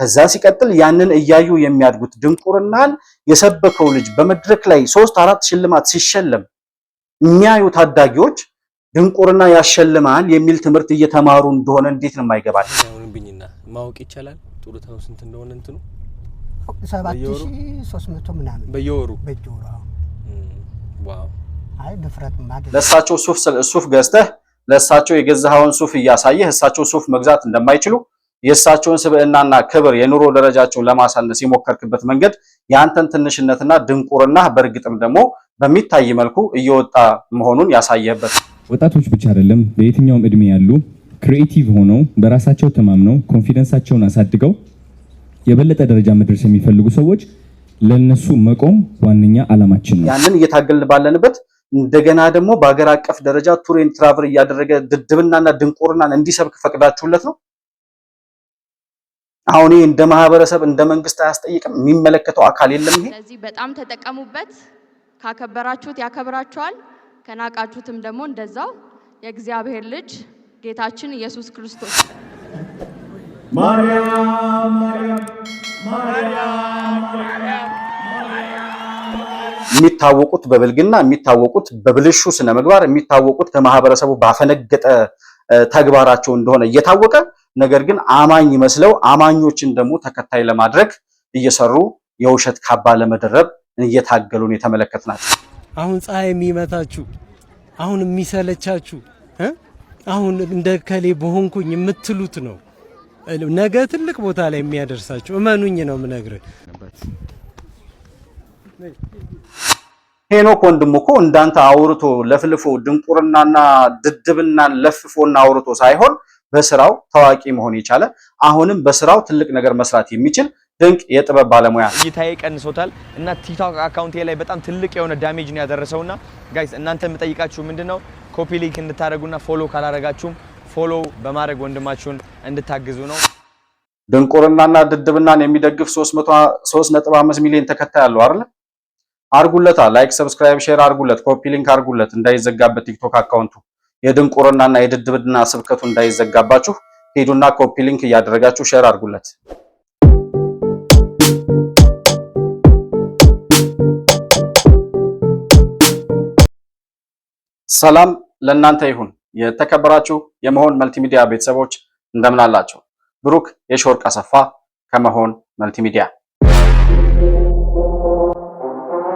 ከዛ ሲቀጥል ያንን እያዩ የሚያድጉት ድንቁርናን የሰበከው ልጅ በመድረክ ላይ ሶስት አራት ሽልማት ሲሸለም የሚያዩ ታዳጊዎች ድንቁርና ያሸልማል የሚል ትምህርት እየተማሩ እንደሆነ እንዴት ነው የማይገባል? ሁንብኝና ማወቅ ይቻላል። ጡረታው ስንት እንደሆነ እንትኑ ሰባት ሺህ መቶ ምናምን በየወሩ በየወሩ። አይ ድፍረት ለእሳቸው ሱፍ ገዝተህ ለእሳቸው የገዛኸውን ሱፍ እያሳየህ እሳቸው ሱፍ መግዛት እንደማይችሉ የእሳቸውን ስብዕናና ክብር የኑሮ ደረጃቸውን ለማሳነስ የሞከርክበት መንገድ የአንተን ትንሽነትና ድንቁርና በእርግጥም ደግሞ በሚታይ መልኩ እየወጣ መሆኑን ያሳየበት። ወጣቶች ብቻ አይደለም፣ በየትኛውም እድሜ ያሉ ክሪኤቲቭ ሆነው በራሳቸው ተማምነው ኮንፊደንሳቸውን አሳድገው የበለጠ ደረጃ መድረስ የሚፈልጉ ሰዎች ለነሱ መቆም ዋነኛ አላማችን ነው። ያንን እየታገልን ባለንበት እንደገና ደግሞ በሀገር አቀፍ ደረጃ ቱሬን ትራቨል እያደረገ ድድብናና ድንቁርናን እንዲሰብክ ፈቅዳችሁለት ነው። አሁን እንደ ማህበረሰብ እንደ መንግስት አያስጠይቅም። የሚመለከተው አካል የለም። ይሄ ስለዚህ በጣም ተጠቀሙበት። ካከበራችሁት ያከብራችኋል፣ ከናቃችሁትም ደግሞ እንደዛው። የእግዚአብሔር ልጅ ጌታችን ኢየሱስ ክርስቶስ የሚታወቁት በብልግና የሚታወቁት በብልሹ ስነ ምግባር የሚታወቁት ከማህበረሰቡ ባፈነገጠ ተግባራቸው እንደሆነ እየታወቀ ነገር ግን አማኝ መስለው አማኞችን ደግሞ ተከታይ ለማድረግ እየሰሩ የውሸት ካባ ለመደረብ እየታገሉን የተመለከት አሁን ፀሐይ የሚመታችሁ አሁን የሚሰለቻችሁ አሁን እንደ ከሌ በሆንኩኝ የምትሉት ነው ነገ ትልቅ ቦታ ላይ የሚያደርሳችሁ እመኑኝ ነው የምነግርህ። ሄኖክ ወንድም እኮ እንዳንተ አውርቶ ለፍልፎ ድንቁርናና ድድብና ለፍፎና አውርቶ ሳይሆን በስራው ታዋቂ መሆን የቻለ አሁንም በስራው ትልቅ ነገር መስራት የሚችል ድንቅ የጥበብ ባለሙያ እይታዬ ቀንሶታል እና ቲክቶክ አካውንቴ ላይ በጣም ትልቅ የሆነ ዳሜጅ ነው ያደረሰውና ጋይስ እናንተ የምጠይቃችሁ ምንድነው ኮፒ ሊንክ እንድታደርጉና ፎሎ ካላደረጋችሁም ፎሎ በማድረግ ወንድማችሁን እንድታግዙ ነው። ድንቁርናና ድድብናን የሚደግፍ 3.5 ሚሊዮን ተከታይ አለው አይደል? አርጉለታ ላይክ ሰብስክራይብ ሼር አርጉለት፣ ኮፒ ሊንክ አርጉለት እንዳይዘጋበት ቲክቶክ አካውንቱ የድንቁርናና የድድብድና ስብከቱ እንዳይዘጋባችሁ ሂዱና ኮፒ ሊንክ እያደረጋችሁ ሼር አርጉለት። ሰላም ለእናንተ ይሁን። የተከበራችሁ የመሆን መልቲሚዲያ ቤተሰቦች እንደምን አላችሁ? ብሩክ የሾርቅ አሰፋ ከመሆን መልቲሚዲያ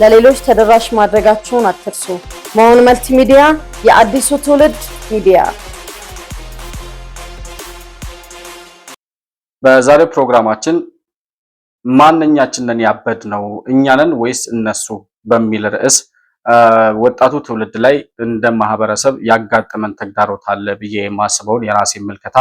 ለሌሎች ተደራሽ ማድረጋቸውን አትርሱ። መሆን መልቲሚዲያ የአዲሱ ትውልድ ሚዲያ። በዛሬው ፕሮግራማችን ማንኛችንን ያበድ ነው እኛንን ወይስ እነሱ በሚል ርዕስ ወጣቱ ትውልድ ላይ እንደ ማህበረሰብ ያጋጠመን ተግዳሮት አለ ብዬ የማስበውን የራሴ ምልከታ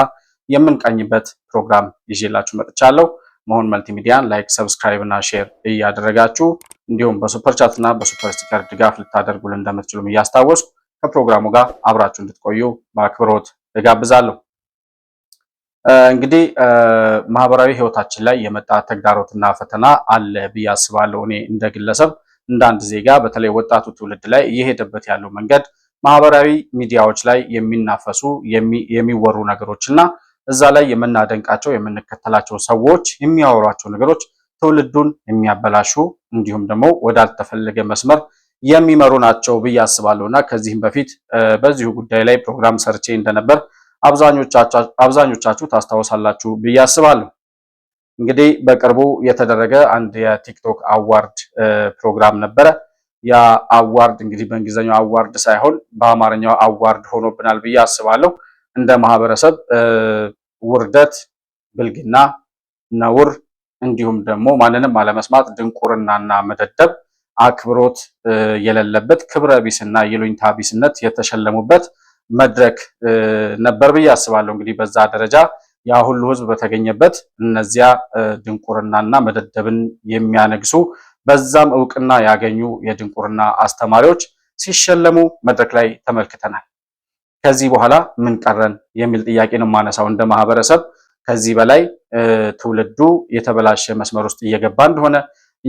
የምንቃኝበት ፕሮግራም ይዤላችሁ መጥቻለሁ። መሆን መልቲሚዲያን ላይክ፣ ሰብስክራይብ እና ሼር እያደረጋችሁ እንዲሁም በሱፐር ቻት እና በሱፐር ስቲከር ድጋፍ ልታደርጉልን እንደምትችሉም እያስታወስኩ ከፕሮግራሙ ጋር አብራችሁ እንድትቆዩ በአክብሮት እጋብዛለሁ። እንግዲህ ማህበራዊ ህይወታችን ላይ የመጣ ተግዳሮትና ፈተና አለ ብዬ አስባለሁ። እኔ እንደ ግለሰብ እንደ አንድ ዜጋ በተለይ ወጣቱ ትውልድ ላይ እየሄደበት ያለው መንገድ ማህበራዊ ሚዲያዎች ላይ የሚናፈሱ የሚወሩ ነገሮች እና እዛ ላይ የምናደንቃቸው የምንከተላቸው ሰዎች የሚያወሯቸው ነገሮች ትውልዱን የሚያበላሹ እንዲሁም ደግሞ ወዳልተፈለገ መስመር የሚመሩ ናቸው ብዬ አስባለሁ እና ከዚህም በፊት በዚሁ ጉዳይ ላይ ፕሮግራም ሰርቼ እንደነበር አብዛኞቻችሁ ታስታውሳላችሁ ብዬ አስባለሁ። እንግዲህ በቅርቡ የተደረገ አንድ የቲክቶክ አዋርድ ፕሮግራም ነበረ። ያ አዋርድ እንግዲህ በእንግሊዝኛው አዋርድ ሳይሆን በአማርኛው አዋርድ ሆኖብናል ብዬ አስባለሁ። እንደ ማህበረሰብ ውርደት፣ ብልግና፣ ነውር እንዲሁም ደግሞ ማንንም አለመስማት፣ ድንቁርናና መደደብ፣ አክብሮት የሌለበት ክብረ ቢስና ይሉኝታ ቢስነት የተሸለሙበት መድረክ ነበር ብዬ አስባለሁ። እንግዲህ በዛ ደረጃ ያ ሁሉ ህዝብ በተገኘበት እነዚያ ድንቁርናና መደደብን የሚያነግሱ በዛም እውቅና ያገኙ የድንቁርና አስተማሪዎች ሲሸለሙ መድረክ ላይ ተመልክተናል። ከዚህ በኋላ ምን ቀረን የሚል ጥያቄ ነው ማነሳው። እንደ ማህበረሰብ ከዚህ በላይ ትውልዱ የተበላሸ መስመር ውስጥ እየገባ እንደሆነ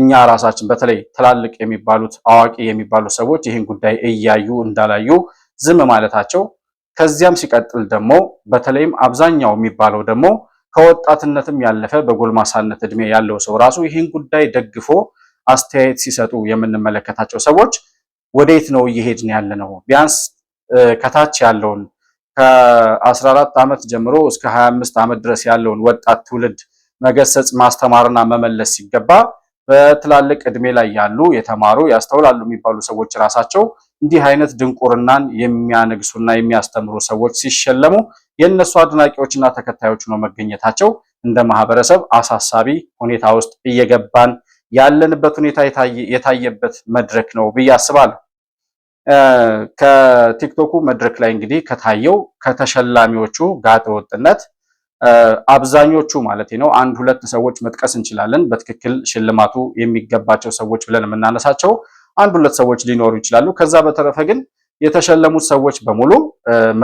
እኛ ራሳችን በተለይ ትላልቅ የሚባሉት አዋቂ የሚባሉት ሰዎች ይህን ጉዳይ እያዩ እንዳላዩ ዝም ማለታቸው፣ ከዚያም ሲቀጥል ደግሞ በተለይም አብዛኛው የሚባለው ደግሞ ከወጣትነትም ያለፈ በጎልማሳነት እድሜ ያለው ሰው ራሱ ይህን ጉዳይ ደግፎ አስተያየት ሲሰጡ የምንመለከታቸው ሰዎች ወዴት ነው እየሄድን ያለ ነው? ቢያንስ ከታች ያለውን ከ14 ዓመት ጀምሮ እስከ 25 ዓመት ድረስ ያለውን ወጣት ትውልድ መገሰጽ ማስተማርና መመለስ ሲገባ በትላልቅ እድሜ ላይ ያሉ የተማሩ ያስተውላሉ የሚባሉ ሰዎች ራሳቸው እንዲህ አይነት ድንቁርናን የሚያነግሱና የሚያስተምሩ ሰዎች ሲሸለሙ የእነሱ አድናቂዎችና ተከታዮች ነው መገኘታቸው እንደ ማህበረሰብ አሳሳቢ ሁኔታ ውስጥ እየገባን ያለንበት ሁኔታ የታየበት መድረክ ነው ብዬ አስባለሁ። ከቲክቶኩ መድረክ ላይ እንግዲህ ከታየው ከተሸላሚዎቹ ጋጠ ወጥነት አብዛኞቹ ማለት ነው አንድ ሁለት ሰዎች መጥቀስ እንችላለን። በትክክል ሽልማቱ የሚገባቸው ሰዎች ብለን የምናነሳቸው አንድ ሁለት ሰዎች ሊኖሩ ይችላሉ። ከዛ በተረፈ ግን የተሸለሙት ሰዎች በሙሉ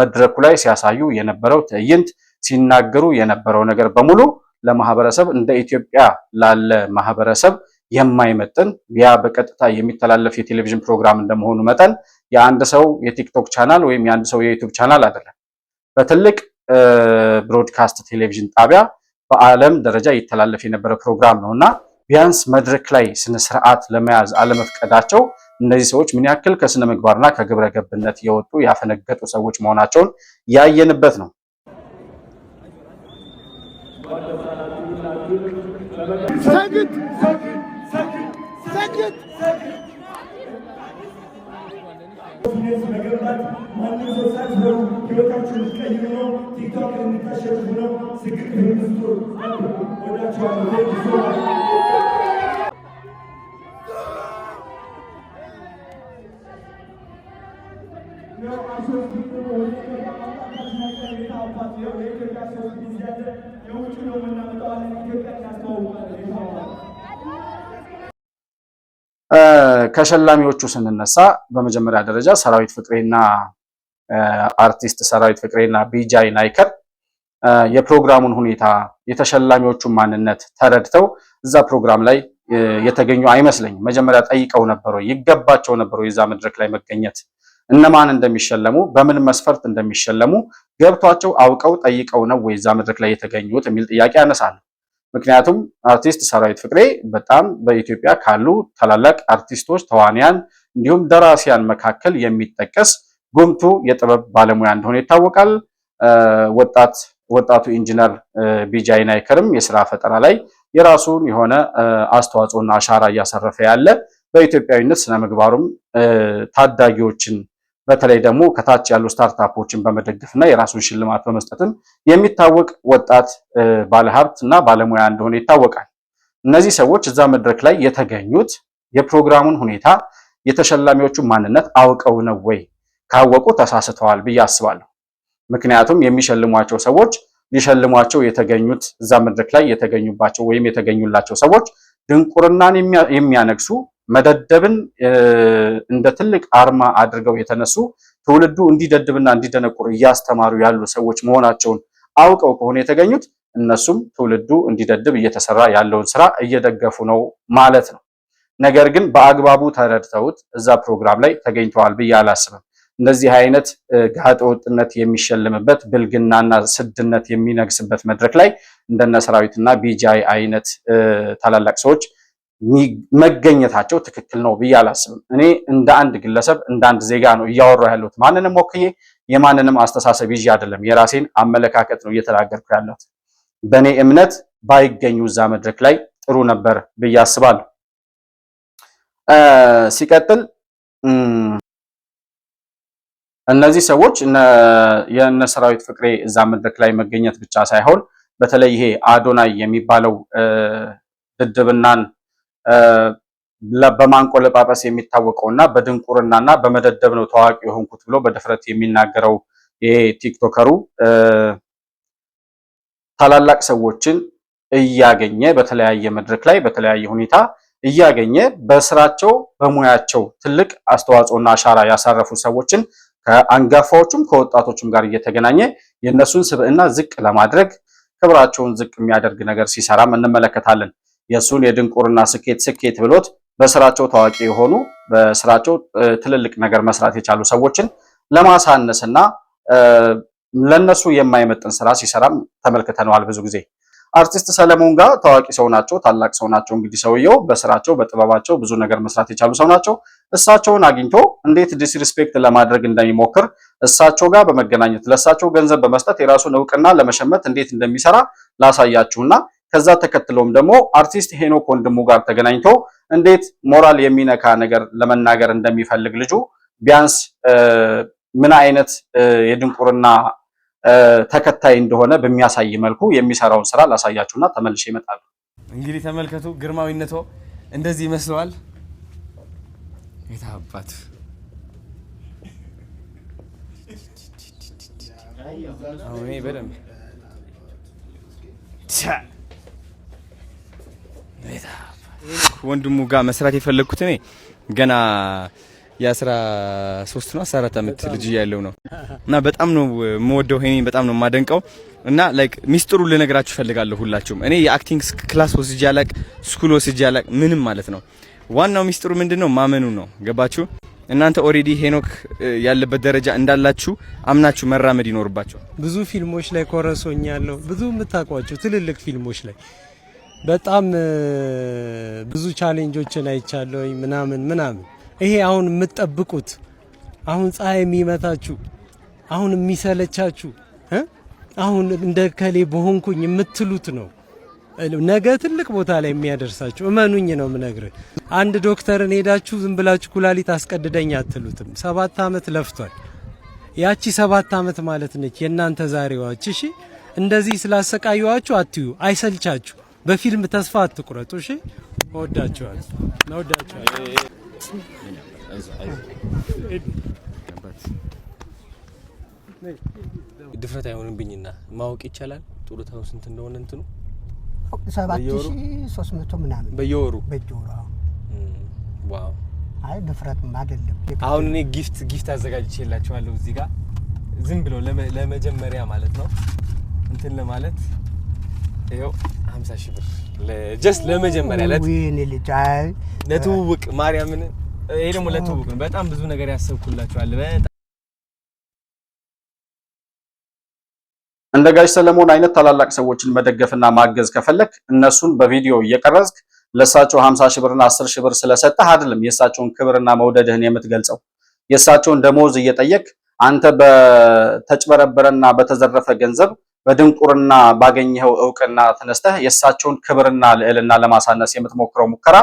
መድረኩ ላይ ሲያሳዩ የነበረው ትዕይንት፣ ሲናገሩ የነበረው ነገር በሙሉ ለማህበረሰብ እንደ ኢትዮጵያ ላለ ማህበረሰብ የማይመጥን ያ በቀጥታ የሚተላለፍ የቴሌቪዥን ፕሮግራም እንደመሆኑ መጠን የአንድ ሰው የቲክቶክ ቻናል ወይም የአንድ ሰው የዩቱብ ቻናል አይደለም። በትልቅ ብሮድካስት ቴሌቪዥን ጣቢያ በዓለም ደረጃ ይተላለፍ የነበረ ፕሮግራም ነው እና ቢያንስ መድረክ ላይ ስነ ስርዓት ለመያዝ አለመፍቀዳቸው እነዚህ ሰዎች ምን ያክል ከስነ ምግባርና ከግብረ ገብነት የወጡ ያፈነገጡ ሰዎች መሆናቸውን ያየንበት ነው። ሰግድ माननीय सरकार जो युवक चुनित का यूनो टीका करने का शर्त बनो सिक्किम हिंदुस्तान और अच्छा मुझे किसी Yok, ne kadar söz bizlerde, yok uçurumun namı da alemi kökler kasma olmaları, ne zaman var? ከሸላሚዎቹ ስንነሳ በመጀመሪያ ደረጃ ሰራዊት ፍቅሬና አርቲስት ሰራዊት ፍቅሬና ቢጃይ ናይከር የፕሮግራሙን ሁኔታ የተሸላሚዎቹን ማንነት ተረድተው እዛ ፕሮግራም ላይ የተገኙ አይመስለኝም። መጀመሪያ ጠይቀው ነበሩ፣ ይገባቸው ነበሩ የዛ መድረክ ላይ መገኘት እነማን እንደሚሸለሙ በምን መስፈርት እንደሚሸለሙ ገብቷቸው አውቀው ጠይቀው ነው ወይ እዛ መድረክ ላይ የተገኙት የሚል ጥያቄ ያነሳሉ። ምክንያቱም አርቲስት ሰራዊት ፍቅሬ በጣም በኢትዮጵያ ካሉ ታላላቅ አርቲስቶች፣ ተዋንያን እንዲሁም ደራሲያን መካከል የሚጠቀስ ጉምቱ የጥበብ ባለሙያ እንደሆነ ይታወቃል። ወጣት ወጣቱ ኢንጂነር ቢጃይ ናይከርም የስራ ፈጠራ ላይ የራሱን የሆነ አስተዋጽኦና አሻራ እያሰረፈ ያለ በኢትዮጵያዊነት ስነ ምግባሩም ታዳጊዎችን በተለይ ደግሞ ከታች ያሉ ስታርታፖችን በመደግፍ እና የራሱን ሽልማት በመስጠትም የሚታወቅ ወጣት ባለሀብት እና ባለሙያ እንደሆነ ይታወቃል። እነዚህ ሰዎች እዛ መድረክ ላይ የተገኙት የፕሮግራሙን ሁኔታ የተሸላሚዎቹን ማንነት አውቀው ነው ወይ? ካወቁ ተሳስተዋል ብዬ አስባለሁ። ምክንያቱም የሚሸልሟቸው ሰዎች ሊሸልሟቸው የተገኙት እዛ መድረክ ላይ የተገኙባቸው ወይም የተገኙላቸው ሰዎች ድንቁርናን የሚያነግሱ መደደብን እንደ ትልቅ አርማ አድርገው የተነሱ ትውልዱ እንዲደድብና እንዲደነቁር እያስተማሩ ያሉ ሰዎች መሆናቸውን አውቀው ከሆነ የተገኙት እነሱም ትውልዱ እንዲደድብ እየተሰራ ያለውን ስራ እየደገፉ ነው ማለት ነው። ነገር ግን በአግባቡ ተረድተውት እዛ ፕሮግራም ላይ ተገኝተዋል ብዬ አላስብም። እንደዚህ አይነት ጋጠወጥነት የሚሸልምበት ብልግናና ስድነት የሚነግስበት መድረክ ላይ እንደነ ሰራዊትና ቢጂአይ አይነት ታላላቅ ሰዎች መገኘታቸው ትክክል ነው ብዬ አላስብም። እኔ እንደ አንድ ግለሰብ እንደ አንድ ዜጋ ነው እያወራሁ ያለሁት። ማንንም ወክዬ የማንንም አስተሳሰብ ይዤ አይደለም። የራሴን አመለካከት ነው እየተናገርኩ ያለሁት። በእኔ እምነት ባይገኙ እዛ መድረክ ላይ ጥሩ ነበር ብዬ አስባለሁ። ሲቀጥል እነዚህ ሰዎች የእነ ሰራዊት ፍቅሬ እዛ መድረክ ላይ መገኘት ብቻ ሳይሆን በተለይ ይሄ አዶናይ የሚባለው ድድብናን በማንቆለጳጳስ የሚታወቀውና በድንቁርናና በመደደብ ነው ታዋቂ የሆንኩት ብሎ በድፍረት የሚናገረው ይሄ ቲክቶከሩ ታላላቅ ሰዎችን እያገኘ በተለያየ መድረክ ላይ በተለያየ ሁኔታ እያገኘ በስራቸው በሙያቸው ትልቅ አስተዋጽኦና አሻራ ያሳረፉ ሰዎችን ከአንጋፋዎቹም ከወጣቶቹም ጋር እየተገናኘ የእነሱን ስብዕና ዝቅ ለማድረግ ክብራቸውን ዝቅ የሚያደርግ ነገር ሲሰራም እንመለከታለን። የእሱን የድንቁርና ስኬት ስኬት ብሎት በስራቸው ታዋቂ የሆኑ በስራቸው ትልልቅ ነገር መስራት የቻሉ ሰዎችን ለማሳነስና ለነሱ የማይመጥን ስራ ሲሰራም ተመልክተነዋል። ብዙ ጊዜ አርቲስት ሰለሞን ጋር ታዋቂ ሰው ናቸው፣ ታላቅ ሰው ናቸው። እንግዲህ ሰውየው በስራቸው በጥበባቸው ብዙ ነገር መስራት የቻሉ ሰው ናቸው። እሳቸውን አግኝቶ እንዴት ዲስሪስፔክት ለማድረግ እንደሚሞክር እሳቸው ጋር በመገናኘት ለእሳቸው ገንዘብ በመስጠት የራሱን እውቅና ለመሸመት እንዴት እንደሚሰራ ላሳያችሁና ከዛ ተከትሎም ደግሞ አርቲስት ሄኖክ ወንድሙ ጋር ተገናኝቶ እንዴት ሞራል የሚነካ ነገር ለመናገር እንደሚፈልግ ልጁ ቢያንስ ምን አይነት የድንቁርና ተከታይ እንደሆነ በሚያሳይ መልኩ የሚሰራውን ስራ ላሳያችሁና ተመልሼ እመጣለሁ። እንግዲህ ተመልከቱ። ግርማዊነቶ እንደዚህ ይመስለዋል። የታባት በደንብ ወንድሙ ጋር መስራት የፈለግኩት እኔ ገና የአስራ ሶስት ነው አስራ አራት ልጅ ያለው ነው እና በጣም ነው የምወደው ሄኔን በጣም ነው የማደንቀው። እና ላይክ ሚስጥሩ ልነግራችሁ እፈልጋለሁ ሁላችሁም። እኔ የአክቲንግ ክላስ ወስጄ አላቅ፣ ስኩል ወስጄ አላቅ፣ ምንም ማለት ነው። ዋናው ሚስጥሩ ምንድን ነው? ማመኑ ነው። ገባችሁ? እናንተ ኦሬዲ ሄኖክ ያለበት ደረጃ እንዳላችሁ አምናችሁ መራመድ ይኖርባቸው። ብዙ ፊልሞች ላይ ኮረሶኛለሁ። ብዙ የምታውቋቸው ትልልቅ ፊልሞች ላይ በጣም ብዙ ቻሌንጆችን አይቻለሁኝ ምናምን ምናምን። ይሄ አሁን የምትጠብቁት አሁን ፀሐይ የሚመታችሁ አሁን የሚሰለቻችሁ አሁን እንደ ከሌ በሆንኩኝ የምትሉት ነው ነገ ትልቅ ቦታ ላይ የሚያደርሳችሁ። እመኑኝ ነው የምነግርህ። አንድ ዶክተርን ሄዳችሁ ዝም ብላችሁ ኩላሊት አስቀድደኝ አትሉትም። ሰባት ዓመት ለፍቷል። ያቺ ሰባት ዓመት ማለት ነች የእናንተ ዛሬዋች። እሺ እንደዚህ ስላሰቃየዋችሁ አትዩ፣ አይሰልቻችሁ በፊልም ተስፋ አትቁረጡ። እሺ፣ እወዳቸዋለሁ፣ እወዳቸዋለሁ። ድፍረት አይሆንብኝና ማወቅ ይቻላል ጡረታው ስንት እንደሆነ እንትኑ ሰባት ምናምን በየወሩ በየወሩ። ዋው! አይ ድፍረት አይደለም። አሁን እኔ ጊፍት ጊፍት አዘጋጅቼላችኋለሁ እዚህ ጋር ዝም ብሎ ለመጀመሪያ ማለት ነው እንትን ለማለት ይኸው ሀምሳ ሺህ ብር ጀስት ለመጀመሪያ ለትውውቅ ማርያምን። ይሄ ደግሞ ለትውውቅ ነው። በጣም ብዙ ነገር ያሰብኩላችኋል። እንደ ጋሽ ሰለሞን አይነት ታላላቅ ሰዎችን መደገፍና ማገዝ ከፈለክ እነሱን በቪዲዮ እየቀረጽክ ለእሳቸው 50 ሺህ ብርና 10 ሺህ ብር ስለሰጠህ አይደለም የእሳቸውን ክብርና መውደድህን የምትገልጸው። የእሳቸውን ደሞዝ እየጠየቅ አንተ በተጭበረበረና በተዘረፈ ገንዘብ በድንቁርና ባገኘኸው እውቅና ተነስተህ የእሳቸውን ክብርና ልዕልና ለማሳነስ የምትሞክረው ሙከራ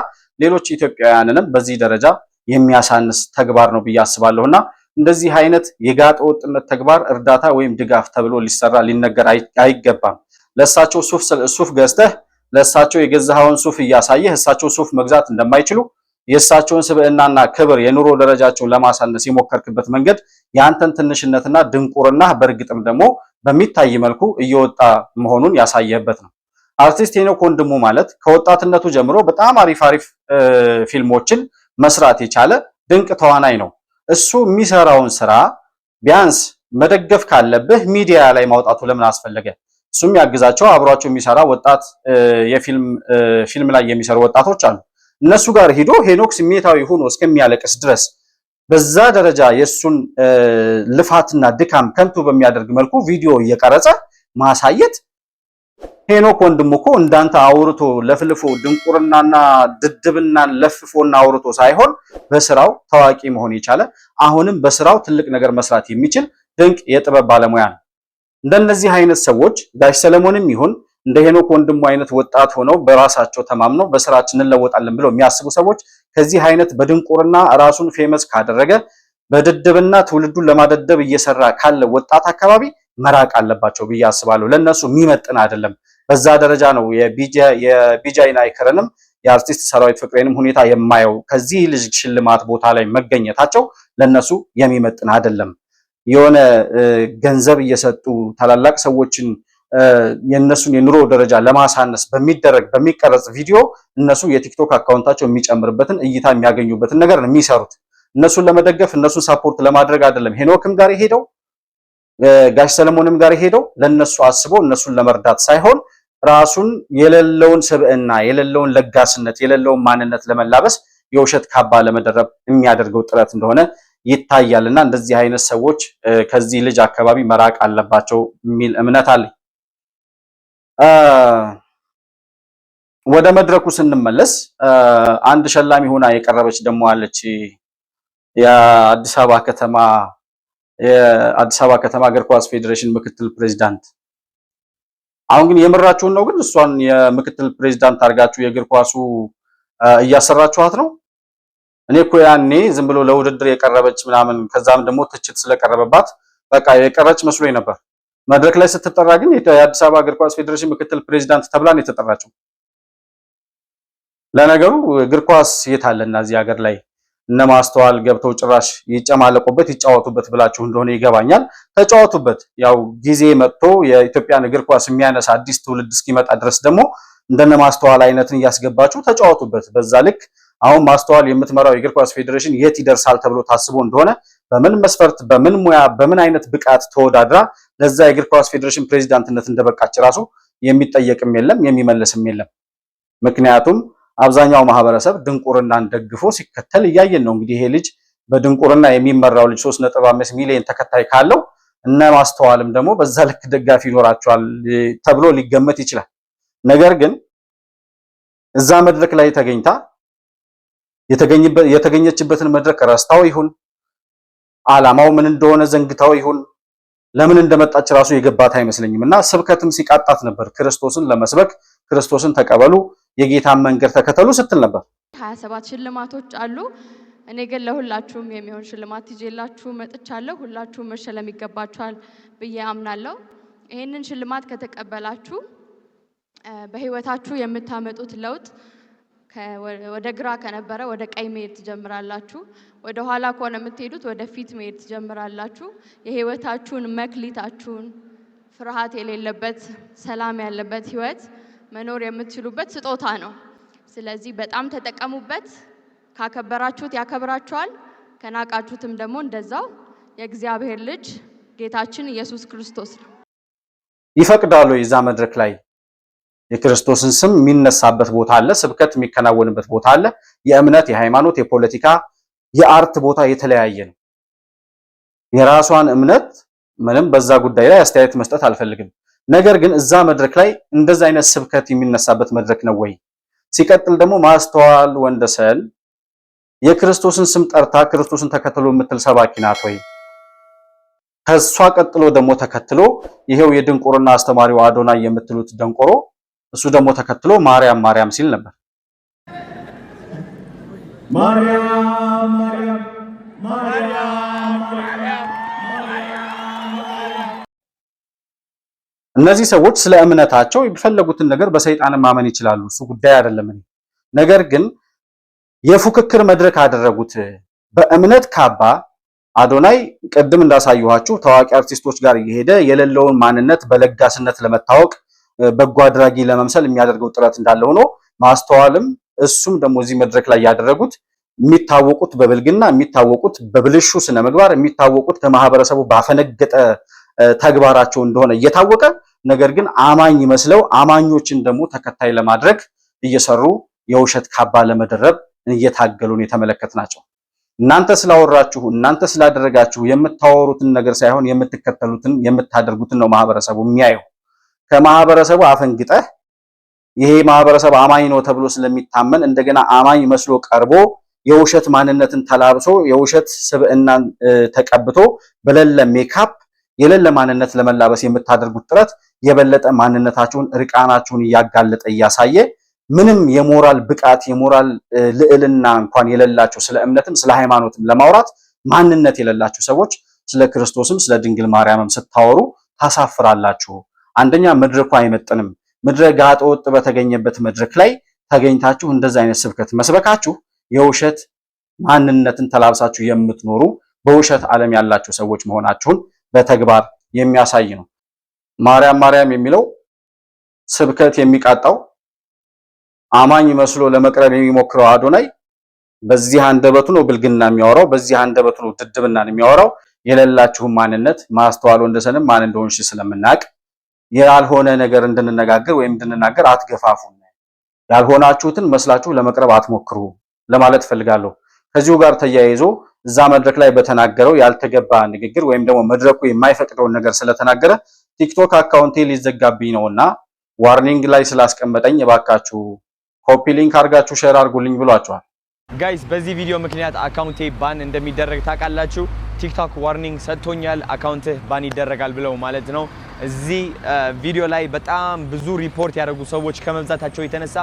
ሌሎች ኢትዮጵያውያንንም በዚህ ደረጃ የሚያሳንስ ተግባር ነው ብዬ አስባለሁና እንደዚህ አይነት የጋጠ ወጥነት ተግባር እርዳታ ወይም ድጋፍ ተብሎ ሊሰራ ሊነገር አይገባም። ለእሳቸው ሱፍ ሱፍ ገዝተህ ለእሳቸው የገዛኸውን ሱፍ እያሳየህ እሳቸው ሱፍ መግዛት እንደማይችሉ የእሳቸውን ስብዕናና ክብር የኑሮ ደረጃቸውን ለማሳነስ የሞከርክበት መንገድ የአንተን ትንሽነትና ድንቁርና በእርግጥም ደግሞ በሚታይ መልኩ እየወጣ መሆኑን ያሳየበት ነው። አርቲስት ሄኖክ ወንድሙ ማለት ከወጣትነቱ ጀምሮ በጣም አሪፍ አሪፍ ፊልሞችን መስራት የቻለ ድንቅ ተዋናይ ነው። እሱ የሚሰራውን ስራ ቢያንስ መደገፍ ካለብህ ሚዲያ ላይ ማውጣቱ ለምን አስፈለገ? እሱም ያግዛቸው አብሯቸው የሚሰራ ወጣት የፊልም ፊልም ላይ የሚሰሩ ወጣቶች አሉ። እነሱ ጋር ሂዶ ሄኖክ ስሜታዊ ሆኖ እስከሚያለቅስ ድረስ በዛ ደረጃ የእሱን ልፋትና ድካም ከንቱ በሚያደርግ መልኩ ቪዲዮ እየቀረጸ ማሳየት ሄኖክ ወንድሙ እኮ እንዳንተ አውርቶ ለፍልፎ ድንቁርናና ድድብናን ለፍፎና አውርቶ ሳይሆን በስራው ታዋቂ መሆን የቻለ አሁንም በስራው ትልቅ ነገር መስራት የሚችል ድንቅ የጥበብ ባለሙያ ነው። እንደነዚህ አይነት ሰዎች ጋሽ ሰለሞንም ይሁን እንደ ሄኖክ ወንድሙ አይነት ወጣት ሆነው በራሳቸው ተማምነው በስራችን እንለወጣለን ብለው የሚያስቡ ሰዎች ከዚህ አይነት በድንቁርና ራሱን ፌመስ ካደረገ በድድብና ትውልዱን ለማደደብ እየሰራ ካለ ወጣት አካባቢ መራቅ አለባቸው ብዬ አስባለሁ። ለእነሱ የሚመጥን አይደለም። በዛ ደረጃ ነው የቢጃይን አይከርንም የአርቲስት ሰራዊት ፍቅሬንም ሁኔታ የማየው። ከዚህ ልጅ ሽልማት ቦታ ላይ መገኘታቸው ለእነሱ የሚመጥን አይደለም። የሆነ ገንዘብ እየሰጡ ታላላቅ ሰዎችን የእነሱን የኑሮ ደረጃ ለማሳነስ በሚደረግ በሚቀረጽ ቪዲዮ እነሱ የቲክቶክ አካውንታቸው የሚጨምርበትን እይታ የሚያገኙበትን ነገር ነው የሚሰሩት። እነሱን ለመደገፍ እነሱን ሳፖርት ለማድረግ አይደለም። ሄኖክም ጋር ሄደው ጋሽ ሰለሞንም ጋር ሄደው ለነሱ አስቦ እነሱን ለመርዳት ሳይሆን ራሱን የሌለውን ስብዕና የሌለውን ለጋስነት የሌለውን ማንነት ለመላበስ የውሸት ካባ ለመደረብ የሚያደርገው ጥረት እንደሆነ ይታያልና እንደዚህ አይነት ሰዎች ከዚህ ልጅ አካባቢ መራቅ አለባቸው የሚል እምነት አለኝ። ወደ መድረኩ ስንመለስ አንድ ሸላሚ ሆና የቀረበች ደግሞ አለች። የአዲስ አበባ ከተማ የአዲስ አበባ ከተማ እግር ኳስ ፌዴሬሽን ምክትል ፕሬዚዳንት። አሁን ግን የምራችሁን ነው? ግን እሷን የምክትል ፕሬዚዳንት አድርጋችሁ የእግር ኳሱ እያሰራችኋት ነው። እኔ እኮ ያኔ ዝም ብሎ ለውድድር የቀረበች ምናምን ከዛም ደግሞ ትችት ስለቀረበባት በቃ የቀረች መስሎኝ ነበር። መድረክ ላይ ስትጠራ ግን የአዲስ አበባ እግር ኳስ ፌዴሬሽን ምክትል ፕሬዚዳንት ተብላ ነው የተጠራችው። ለነገሩ እግር ኳስ የት አለና እዚህ ሀገር ላይ እነ ማስተዋል ገብተው ጭራሽ ይጨማለቁበት ይጫወቱበት ብላችሁ እንደሆነ ይገባኛል። ተጫወቱበት። ያው ጊዜ መጥቶ የኢትዮጵያን እግር ኳስ የሚያነሳ አዲስ ትውልድ እስኪመጣ ድረስ ደግሞ እንደነ ማስተዋል አይነትን እያስገባችሁ ተጫወቱበት። በዛ ልክ አሁን ማስተዋል የምትመራው የእግር ኳስ ፌዴሬሽን የት ይደርሳል ተብሎ ታስቦ እንደሆነ በምን መስፈርት፣ በምን ሙያ፣ በምን አይነት ብቃት ተወዳድራ ለዛ የእግር ኳስ ፌዴሬሽን ፕሬዚዳንትነት እንደበቃች ራሱ የሚጠየቅም የለም የሚመለስም የለም። ምክንያቱም አብዛኛው ማህበረሰብ ድንቁርናን ደግፎ ሲከተል እያየን ነው። እንግዲህ ይሄ ልጅ በድንቁርና የሚመራው ልጅ 3.5 ሚሊዮን ተከታይ ካለው እነ ማስተዋልም ደግሞ በዛ ልክ ደጋፊ ይኖራቸዋል ተብሎ ሊገመት ይችላል። ነገር ግን እዛ መድረክ ላይ ተገኝታ የተገኘችበትን መድረክ ረስታው ይሁን ዓላማው ምን እንደሆነ ዘንግታው ይሁን ለምን እንደመጣች ራሱ የገባት አይመስለኝም። እና ስብከትም ሲቃጣት ነበር ክርስቶስን ለመስበክ ክርስቶስን ተቀበሉ፣ የጌታን መንገድ ተከተሉ ስትል ነበር። ሀያ ሰባት ሽልማቶች አሉ። እኔ ግን ለሁላችሁም የሚሆን ሽልማት ይዤላችሁ መጥቻለሁ። ሁላችሁም መሸለም ይገባችኋል ብዬ አምናለሁ። ይህንን ሽልማት ከተቀበላችሁ በህይወታችሁ የምታመጡት ለውጥ ወደ ግራ ከነበረ ወደ ቀኝ መሄድ ትጀምራላችሁ። ወደ ኋላ ከሆነ የምትሄዱት ወደ ፊት መሄድ ትጀምራላችሁ። የህይወታችሁን መክሊታችሁን ፍርሃት የሌለበት ሰላም ያለበት ህይወት መኖር የምትችሉበት ስጦታ ነው። ስለዚህ በጣም ተጠቀሙበት። ካከበራችሁት ያከብራችኋል፣ ከናቃችሁትም ደግሞ እንደዛው። የእግዚአብሔር ልጅ ጌታችን ኢየሱስ ክርስቶስ ነው። ይፈቅዳሉ የዛ መድረክ ላይ የክርስቶስን ስም የሚነሳበት ቦታ አለ። ስብከት የሚከናወንበት ቦታ አለ። የእምነት፣ የሃይማኖት፣ የፖለቲካ፣ የአርት ቦታ የተለያየ ነው። የራሷን እምነት ምንም በዛ ጉዳይ ላይ አስተያየት መስጠት አልፈልግም። ነገር ግን እዛ መድረክ ላይ እንደዛ አይነት ስብከት የሚነሳበት መድረክ ነው ወይ? ሲቀጥል ደግሞ ማስተዋል ወንደሰን የክርስቶስን ስም ጠርታ ክርስቶስን ተከትሎ የምትል ሰባኪ ናት ወይ? ከሷ ቀጥሎ ደግሞ ተከትሎ ይሄው የድንቆሮና አስተማሪው አዶናይ የምትሉት ደንቆሮ እሱ ደግሞ ተከትሎ ማርያም ማርያም ሲል ነበር። እነዚህ ሰዎች ስለ እምነታቸው የሚፈለጉትን ነገር በሰይጣን ማመን ይችላሉ። እሱ ጉዳይ አይደለም። ነገር ግን የፉክክር መድረክ አደረጉት። በእምነት ካባ አዶናይ ቅድም እንዳሳየኋችሁ ታዋቂ አርቲስቶች ጋር እየሄደ የሌለውን ማንነት በለጋስነት ለመታወቅ በጎ አድራጊ ለመምሰል የሚያደርገው ጥረት እንዳለ ሆኖ ማስተዋልም እሱም ደግሞ እዚህ መድረክ ላይ ያደረጉት የሚታወቁት በብልግና የሚታወቁት በብልሹ ስነ ምግባር የሚታወቁት ከማህበረሰቡ ባፈነገጠ ተግባራቸው እንደሆነ እየታወቀ ነገር ግን አማኝ መስለው አማኞችን ደግሞ ተከታይ ለማድረግ እየሰሩ የውሸት ካባ ለመደረብ እየታገሉን የተመለከት ናቸው። እናንተ ስላወራችሁ እናንተ ስላደረጋችሁ የምታወሩትን ነገር ሳይሆን የምትከተሉትን የምታደርጉትን ነው ማህበረሰቡ የሚያየው። ከማህበረሰቡ አፈንግጠህ ይሄ ማህበረሰብ አማኝ ነው ተብሎ ስለሚታመን እንደገና አማኝ መስሎ ቀርቦ የውሸት ማንነትን ተላብሶ የውሸት ስብዕናን ተቀብቶ በሌለ ሜካፕ የሌለ ማንነት ለመላበስ የምታደርጉት ጥረት የበለጠ ማንነታችሁን ርቃናችሁን እያጋለጠ እያሳየ ምንም የሞራል ብቃት የሞራል ልዕልና እንኳን የሌላችሁ ስለ እምነትም ስለ ሃይማኖትም ለማውራት ማንነት የሌላችሁ ሰዎች ስለ ክርስቶስም ስለ ድንግል ማርያምም ስታወሩ ታሳፍራላችሁ። አንደኛ መድረኩ አይመጥንም። ምድረ ጋጠ ወጥ በተገኘበት መድረክ ላይ ተገኝታችሁ እንደዚህ አይነት ስብከት መስበካችሁ የውሸት ማንነትን ተላብሳችሁ የምትኖሩ በውሸት ዓለም ያላችሁ ሰዎች መሆናችሁን በተግባር የሚያሳይ ነው። ማርያም ማርያም የሚለው ስብከት የሚቃጣው አማኝ መስሎ ለመቅረብ የሚሞክረው አዶናይ በዚህ አንደበቱ ነው ብልግና የሚያወራው፣ በዚህ አንደበቱ ነው ድድብናን የሚያወራው። የሌላችሁን ማንነት ማስተዋል ወንደሰንም ማን እንደሆንሽ ስለምናውቅ ያልሆነ ነገር እንድንነጋገር ወይም እንድንናገር አትገፋፉን፣ ያልሆናችሁትን መስላችሁ ለመቅረብ አትሞክሩ ለማለት ፈልጋለሁ። ከዚሁ ጋር ተያይዞ እዛ መድረክ ላይ በተናገረው ያልተገባ ንግግር ወይም ደግሞ መድረኩ የማይፈቅደውን ነገር ስለተናገረ ቲክቶክ አካውንቴ ሊዘጋብኝ ነውና ዋርኒንግ ላይ ስላስቀመጠኝ እባካችሁ ኮፒ ሊንክ አድርጋችሁ ሼር አድርጉልኝ ብሏችኋል ጋይስ በዚህ ቪዲዮ ምክንያት አካውንቴ ባን እንደሚደረግ ታውቃላችሁ። ቲክቶክ ዋርኒንግ ሰጥቶኛል፣ አካውንትህ ባን ይደረጋል ብለው ማለት ነው። እዚህ ቪዲዮ ላይ በጣም ብዙ ሪፖርት ያደረጉ ሰዎች ከመብዛታቸው የተነሳ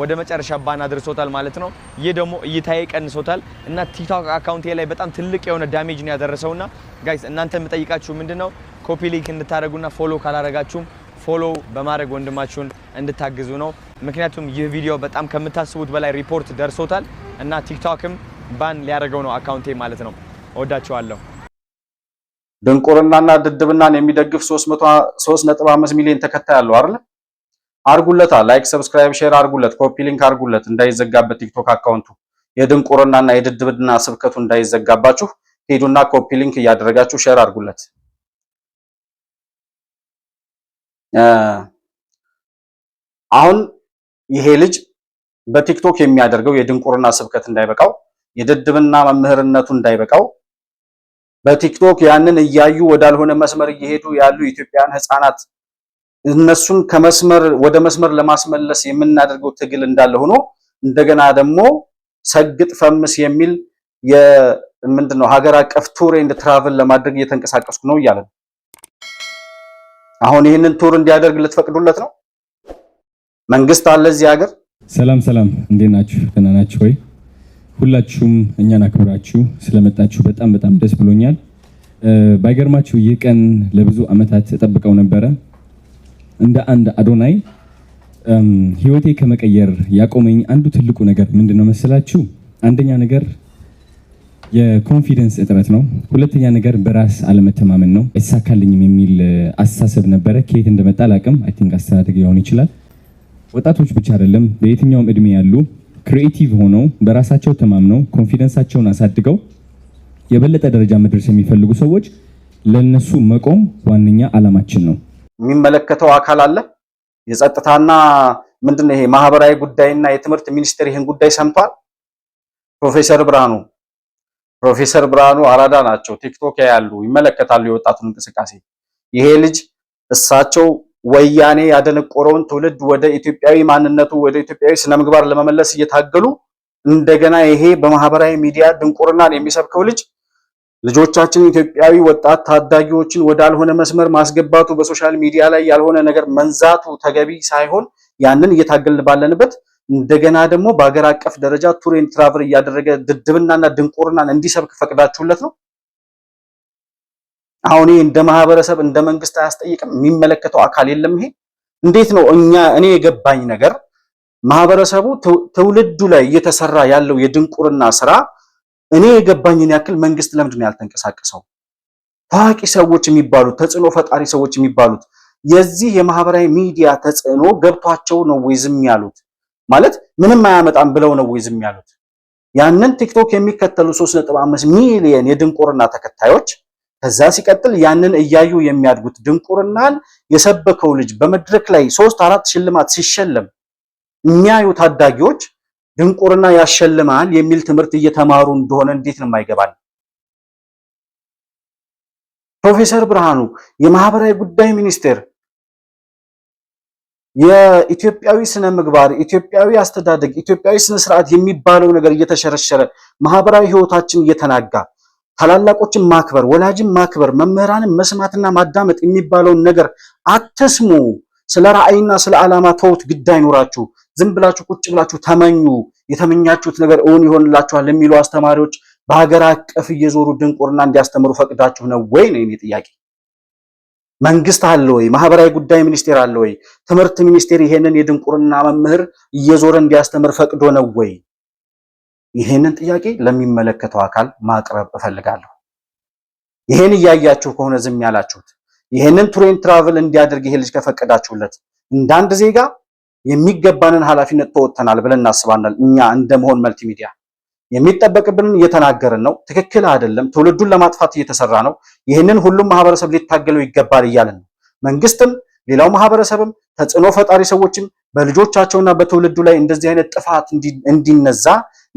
ወደ መጨረሻ ባን አድርሶታል ማለት ነው። ይህ ደግሞ እይታዬ ቀንሶታል እና ቲክቶክ አካውንቴ ላይ በጣም ትልቅ የሆነ ዳሜጅ ነው ያደረሰውና ጋይስ እናንተ የምጠይቃችሁ ምንድን ነው ኮፒ ሊንክ እንድታደረጉና ፎሎ ካላረጋችሁም ፎሎ በማድረግ ወንድማችሁን እንድታግዙ ነው። ምክንያቱም ይህ ቪዲዮ በጣም ከምታስቡት በላይ ሪፖርት ደርሶታል እና ቲክቶክም ባን ሊያደርገው ነው አካውንቴ ማለት ነው። እወዳችኋለሁ። ድንቁርናና ድድብናን የሚደግፍ 3.5 ሚሊዮን ተከታይ አለው አይደል? አርጉለታ ላይክ፣ ሰብስክራይብ፣ ሼር አርጉለት፣ ኮፒ ሊንክ አርጉለት እንዳይዘጋበት ቲክቶክ አካውንቱ የድንቁርናና የድድብና ስብከቱ እንዳይዘጋባችሁ ሄዱና ኮፒ ሊንክ እያደረጋችሁ ሼር አርጉለት። አሁን ይሄ ልጅ በቲክቶክ የሚያደርገው የድንቁርና ስብከት እንዳይበቃው፣ የድድብና መምህርነቱ እንዳይበቃው በቲክቶክ ያንን እያዩ ወዳልሆነ መስመር እየሄዱ ያሉ የኢትዮጵያን ሕፃናት እነሱን ከመስመር ወደ መስመር ለማስመለስ የምናደርገው ትግል እንዳለ ሆኖ እንደገና ደግሞ ሰግጥ ፈምስ የሚል ምንድን ነው ሀገር አቀፍ ቱር ኤንድ ትራቭል ለማድረግ እየተንቀሳቀስኩ ነው እያለ ነው። አሁን ይህንን ቱር እንዲያደርግ ልትፈቅዱለት ነው? መንግስት አለ እዚህ ሀገር። ሰላም ሰላም፣ እንዴት ናችሁ? ደህና ናችሁ ወይ? ሁላችሁም እኛን አክብራችሁ ስለመጣችሁ በጣም በጣም ደስ ብሎኛል። ባይገርማችሁ ይህ ቀን ለብዙ ዓመታት ተጠብቀው ነበረ። እንደ አንድ አዶናይ ህይወቴ ከመቀየር ያቆመኝ አንዱ ትልቁ ነገር ምንድን ነው መሰላችሁ? አንደኛ ነገር የኮንፊደንስ እጥረት ነው። ሁለተኛ ነገር በራስ አለመተማመን ነው። አይሳካልኝም የሚል አስተሳሰብ ነበረ። ከየት እንደመጣ አላቅም። አይ ቲንክ አስተዳደግ ሊሆን ይችላል። ወጣቶች ብቻ አይደለም፣ በየትኛውም እድሜ ያሉ ክሪኤቲቭ ሆነው በራሳቸው ተማምነው ኮንፊደንሳቸውን አሳድገው የበለጠ ደረጃ መድረስ የሚፈልጉ ሰዎች ለነሱ መቆም ዋነኛ ዓላማችን ነው። የሚመለከተው አካል አለ። የጸጥታና ምንድነው ይሄ ማህበራዊ ጉዳይና የትምህርት ሚኒስቴር ይህን ጉዳይ ሰምቷል። ፕሮፌሰር ብርሃኑ ፕሮፌሰር ብርሃኑ አራዳ ናቸው። ቲክቶክ ያያሉ፣ ይመለከታሉ የወጣቱን እንቅስቃሴ። ይሄ ልጅ እሳቸው ወያኔ ያደነቆረውን ትውልድ ወደ ኢትዮጵያዊ ማንነቱ ወደ ኢትዮጵያዊ ስነምግባር ለመመለስ እየታገሉ እንደገና ይሄ በማህበራዊ ሚዲያ ድንቁርናን የሚሰብከው ልጅ ልጆቻችን ኢትዮጵያዊ ወጣት ታዳጊዎችን ወዳልሆነ መስመር ማስገባቱ በሶሻል ሚዲያ ላይ ያልሆነ ነገር መንዛቱ ተገቢ ሳይሆን ያንን እየታገልን ባለንበት እንደገና ደግሞ በሀገር አቀፍ ደረጃ ቱሬን ትራቨል እያደረገ ድድብናና ድንቁርናን እንዲሰብክ ፈቅዳችሁለት ነው። አሁን እንደ ማህበረሰብ እንደ መንግስት አያስጠይቅም? የሚመለከተው አካል የለም? ይሄ እንዴት ነው? እኛ እኔ የገባኝ ነገር ማህበረሰቡ ትውልዱ ላይ እየተሰራ ያለው የድንቁርና ስራ እኔ የገባኝን ያክል መንግስት ለምንድን ነው ያልተንቀሳቀሰው? ታዋቂ ሰዎች የሚባሉት ተጽዕኖ ፈጣሪ ሰዎች የሚባሉት የዚህ የማህበራዊ ሚዲያ ተጽዕኖ ገብቷቸው ነው ወይ ዝም ያሉት? ማለት ምንም አያመጣም ብለው ነው ወይ ዝም ያሉት? ያንን ቲክቶክ የሚከተሉ 3.5 ሚሊየን የድንቁርና ተከታዮች ከዛ ሲቀጥል ያንን እያዩ የሚያድጉት ድንቁርናን የሰበከው ልጅ በመድረክ ላይ ሶስት አራት ሽልማት ሲሸለም የሚያዩ ታዳጊዎች ድንቁርና ያሸልማል የሚል ትምህርት እየተማሩ እንደሆነ እንዴት ነው የማይገባል? ፕሮፌሰር ብርሃኑ የማህበራዊ ጉዳይ ሚኒስቴር የኢትዮጵያዊ ስነ ምግባር፣ ኢትዮጵያዊ አስተዳደግ፣ ኢትዮጵያዊ ስነ ስርዓት የሚባለው ነገር እየተሸረሸረ ማህበራዊ ህይወታችን እየተናጋ ታላላቆችን ማክበር፣ ወላጅን ማክበር፣ መምህራንን መስማትና ማዳመጥ የሚባለውን ነገር አትስሙ። ስለ ራዕይና ስለ ዓላማ ተውት። ግድ አይኖራችሁ። ዝም ብላችሁ ቁጭ ብላችሁ ተመኙ። የተመኛችሁት ነገር እውን ይሆንላችኋል የሚሉ አስተማሪዎች በሀገር አቀፍ እየዞሩ ድንቁርና እንዲያስተምሩ ፈቅዳችሁ ነው ወይ ነው የኔ ጥያቄ። መንግስት አለ ወይ? ማህበራዊ ጉዳይ ሚኒስቴር አለ ወይ? ትምህርት ሚኒስቴር ይሄንን የድንቁርና መምህር እየዞረ እንዲያስተምር ፈቅዶ ነው ወይ? ይሄንን ጥያቄ ለሚመለከተው አካል ማቅረብ እፈልጋለሁ። ይሄን እያያችሁ ከሆነ ዝም ያላችሁት ይሄንን ቱሬን ትራቭል እንዲያደርግ ይሄ ልጅ ከፈቀዳችሁለት እንደ አንድ ዜጋ የሚገባንን ኃላፊነት ተወጥተናል ብለን እናስባለን። እኛ እንደመሆን መልቲሚዲያ የሚጠበቅብንን እየተናገርን ነው። ትክክል አይደለም። ትውልዱን ለማጥፋት እየተሰራ ነው። ይህንን ሁሉም ማህበረሰብ ሊታገለው ይገባል እያልን ነው። መንግስትም፣ ሌላው ማህበረሰብም፣ ተጽዕኖ ፈጣሪ ሰዎችም በልጆቻቸውና በትውልዱ ላይ እንደዚህ አይነት ጥፋት እንዲነዛ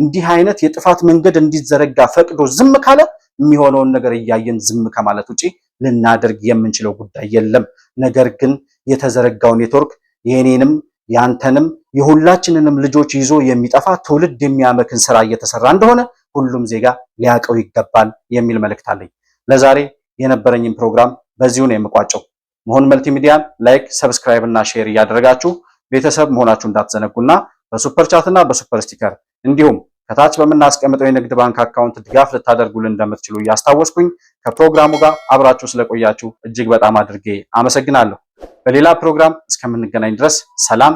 እንዲህ አይነት የጥፋት መንገድ እንዲዘረጋ ፈቅዶ ዝም ካለ የሚሆነውን ነገር እያየን ዝም ከማለት ውጪ ልናደርግ የምንችለው ጉዳይ የለም። ነገር ግን የተዘረጋው ኔትወርክ የኔንም የአንተንም። የሁላችንንም ልጆች ይዞ የሚጠፋ ትውልድ የሚያመክን ስራ እየተሰራ እንደሆነ ሁሉም ዜጋ ሊያውቀው ይገባል የሚል መልእክት አለኝ። ለዛሬ የነበረኝን ፕሮግራም በዚሁ ነው የምቋጨው። መሆን መልቲሚዲያን ላይክ፣ ሰብስክራይብ እና ሼር እያደረጋችሁ ቤተሰብ መሆናችሁ እንዳትዘነጉና በሱፐር ቻት እና በሱፐር ስቲከር እንዲሁም ከታች በምናስቀምጠው የንግድ ባንክ አካውንት ድጋፍ ልታደርጉልን እንደምትችሉ እያስታወስኩኝ ከፕሮግራሙ ጋር አብራችሁ ስለቆያችሁ እጅግ በጣም አድርጌ አመሰግናለሁ። በሌላ ፕሮግራም እስከምንገናኝ ድረስ ሰላም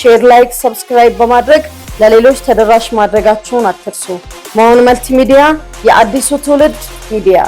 ሼር፣ ላይክ፣ ሰብስክራይብ በማድረግ ለሌሎች ተደራሽ ማድረጋችሁን አትርሱ። መሆን መልቲሚዲያ የአዲሱ ትውልድ ሚዲያ